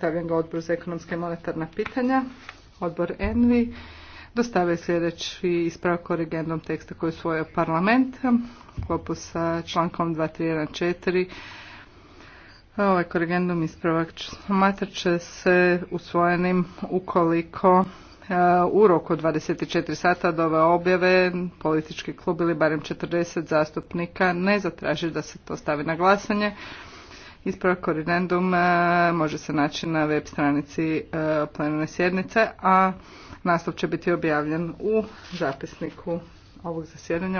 Stavljam ga odbor za ekonomske i monetarna pitanja. Odbor ENVI dostave sljedeći ispravak o teksta koji je usvojio parlament u sa člankom 2314 Ovaj korigendum ispravak smatrat će se usvojenim ukoliko e, u roku 24 sata do ove objave politički klub ili barem 40 zastupnika ne zatraži da se to stavi na glasanje. Ispravak korindendum e, može se naći na web stranici e, plenarne sjednice, a naslov će biti objavljen u zapisniku ovog zasjedanja.